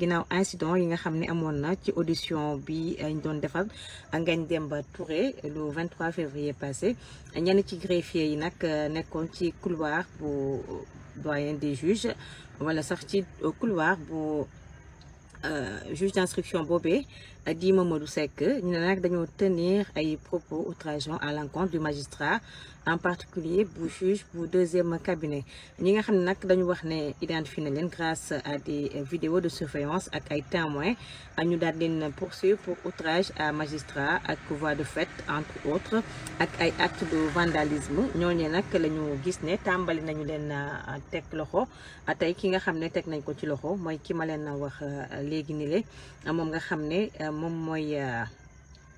un incident yi nga xamné ne na ci audition bi eh, ñu doon defal ngañ Demba Touré le 23 février passé ñenn ci greffier yi nak eh, nekkoon ci couloir bu eh, doyen des juges wala sorti ci couloir bu euh, juge d'instruction Bobé a dit Seck ñu ne nag tenir ay propos outrageants à l'encontre du magistrat en particulier pour juge pour deuxième cabinet Nous nga xam ne dañu wax grâce à des vidéos de surveillance ak ay témoins ñu daal poursuivre pour outrage à magistrat à voie de fait entre autres ak ay actes de vandalisme Nous nag la ñu gis ne tàmbali nañu nous euh, teg loxo tey ki nga xam ne teg nañ ko ci loxo mooy léegi nii le moom nga xam ne moom mooy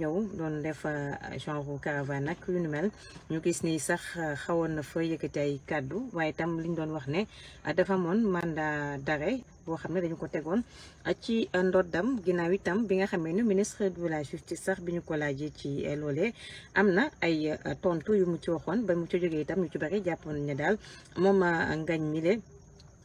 ñëw doon def euh, genre caravane nag lu nu mel ñu gis ni sax euh, xawoon na fa yëkkati ay kàddu waaye tam liñ doon wax ne euh, dafa moon mandat d'arrêt boo xam ne dañu ko tegoon ci ndoddam ginnaaw itam bi nga xamee ne ministre de la ci sax bi ñu ko laajee ci loolee am na ay tontu yu mu ci waxoon ba mu ci jógee itam ñu ci bari jàppoon ne daal moom ngañ mile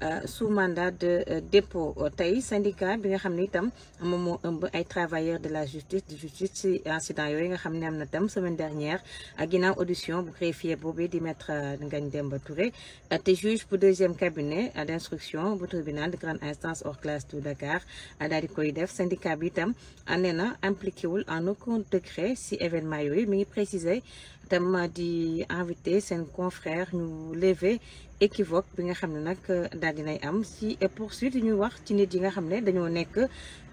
Euh, sous mandat de euh, dépôt au Taï, syndicat bien nga xam un moment, un de la justice de justice si, incident yoye, nga à semaine dernière à Guinan audition pour greffier Bobé, di maître euh, Ngagne Demba Touré tes juge pour deuxième cabinet à d'instruction au tribunal de grande instance hors classe de Dakar à di koy syndicat bi en en impliqué ou en aucun degré si événement yoye, mi ngi préciser tam dit invité un confrère nous lever équivoque bi nga xamné nak euh, dal dinaay dinay am si euh, poursuite ñuy wax ci nit yi nga xamné ne dañoo nekk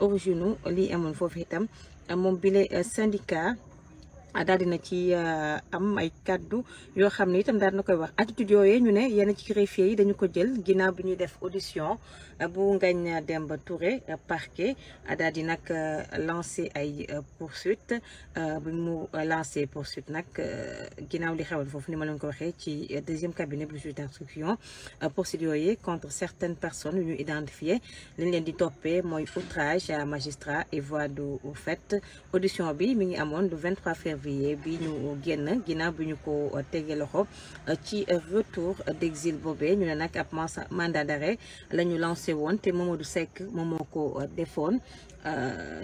origine li amoon foofu itam moom bile euh, syndicat ah, daal dina ci euh, am ay cadeau yo xam itam daal na koy wax attitude ye ñu ne yena ci greffier yi dañu ko jël ginaaw bu ñuy def audition bu Ngagne Demba Touré parquet daal di nag euh, lancé ay euh, poursuite bu mu lancer poursuite nak ginaaw li xewal fofu ni ma lañ ko waxé ci deuxième cabinet de juge d'instruction poursuite contre certaines personnes ñu identifier liñ leen di topé moy outrage à magistrat et voie de fait audition bi mi ngi amone le 23 février février bi ñu génn ginaaw bu ñu ko euh, tegee loxo euh, ci retour d'exil boobee ñu ne nag ab mandat d'arrêt la ñu lancé woon te du Seck moom moo ko euh, defoon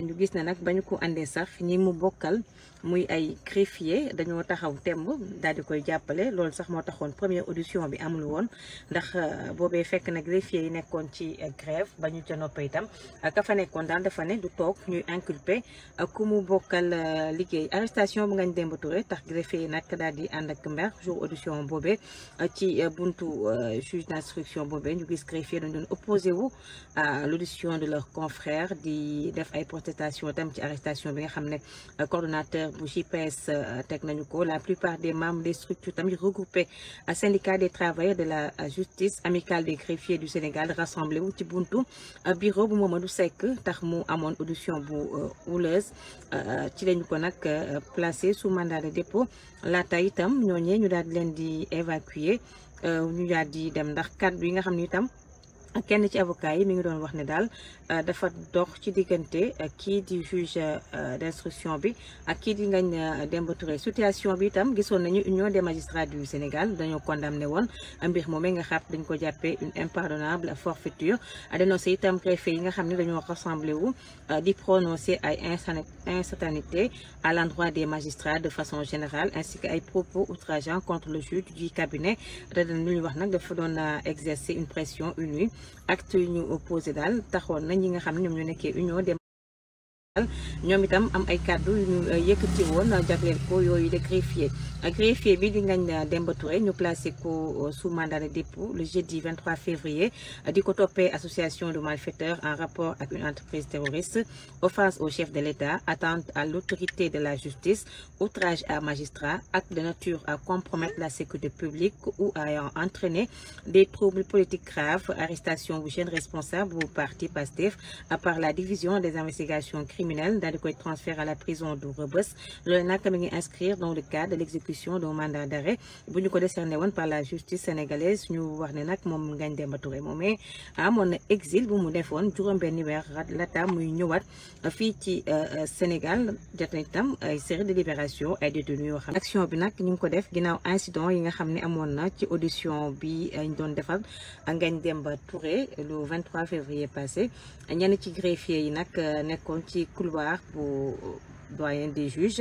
ñu gis ne nag ba ñu ko àndee sax ñi mu bokkal muy ay greffier dañoo taxaw temb dal di koy jàppale loolu sax moo taxoon première audition bi amul woon ndax euh, boobee fekk na greffier yi nekkoon ci euh, grève ba ñu ca nopp itam ka fa nekkoon daal dafa ne du toog ñuy inculpé euh, ku mu bokkal liggéey arrestation bu ngañ Demba Touré tax greffier yi nag daal di ànd ak mber jour audition boobee ci buntu juge d'instruction boobee ñu gis greffier dañ doon opposé wu à l'audition de leur confrère di def ay protestation tam ci arrestation bi nga xam ne coordonnateur euh, la plupart des membres des structures regroupées à syndicat des travailleurs de la euh, justice amicale des greffiers du Sénégal rassemblé au Tibuntu, à euh, bureau bu Mamadou Seck tax mu audition houleuse placé sous mandat de dépôt La taille nous kenn ci avocat yi mi ngi doon wax ne daal euh, dafa dox ci diggante euh, kii di juge euh, instruction bi ak kii di ngañ Demba Touré situation bi itam gisoon nañu union des magistrats du Sénégal dañoo condamné woon mbir moom nga xam dañ ko jàppee une impardonnable forfaiture dénoncé itam préfet yi nga xam ne dañoo rassemblé wu di prononcer ay incertainité à l'endroit des magistrats de façon générale ainsi que ay propos outrageants contre le juge du cabinet te ñu wax nag dafa doon exercer une pression inouïe acte yu ñu posé daal taxoon na ñi nga xam ñoom ñu nekkee dem Nous itam am ay ñu euh, euh, ko yoyu de greffier euh, greffier bi di ñu sous mandat de dépôt le jeudi 23 février di ko association de malfaiteurs en rapport avec une entreprise terroriste offense au chef de l'État atteinte à l'autorité de la justice outrage à magistrat acte de nature à compromettre la sécurité publique ou ayant entraîné des troubles politiques graves arrestation bu jeune responsable ou parti PASTEF part la division des investigations criminelles criminel daal di transfert à la prison de Rebus. le n'a mi ngi inscrire dans le cadre de l'exécution d'un mandat d'arrêt Vous nous connaissez par la justice sénégalaise Nous voir le nag mon gagne Demba Touré moomee ah, amoon exil bu mu defoon juróom-benni weer laata muy ñëwaat fii ci euh, euh, Sénégal jot tam ay série de libération ay détenus yoo L'action action bi Nous nous ngi ko def ginnaaw incident yi nga xam ne amoon na ci audition bi euh, ñu doon defal gagne Demba Touré le 23 février passé ñenn ci greffier yi nag nekkoon ci couloir pour doyen des juges.